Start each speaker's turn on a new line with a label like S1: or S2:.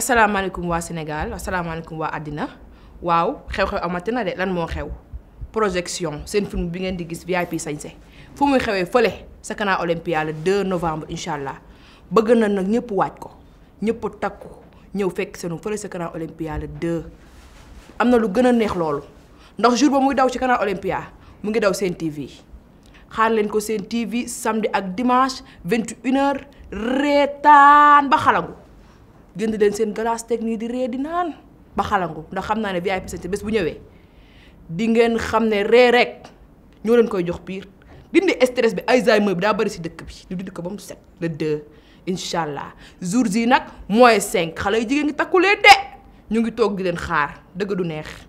S1: alaikum wa Sénégal asalaamaaleykum wa wa adina, xew-xew suis de lan projection film bi ngeen gis VIP sañse fu muy Olympia le 2 novembre inshallah. bëgg na nak ñëpp waaj ko ñëpp takku ñëw fekk canal Olympia le 2. Amna lu gëna jour ba muy daw ci canal Olympia mu ngi daw sen TV xaar leen ko TV samedi ak dimanche 21h ba jënd leen seen glace technique di ree di naan ba xalangu ndax xam naa ne VIP Santé bés bu ñëwee di ngeen xam ne ree rek ñoo leen koy jox piir dindi stress bi Alzheimer bi daa bëri si dëkk bi ñu dindi ko ba mu set le deux incha allah jours yi nag moins cinq xale yi jigéen ngi takkulee de ñu ngi toog leen xaar dëgg du neex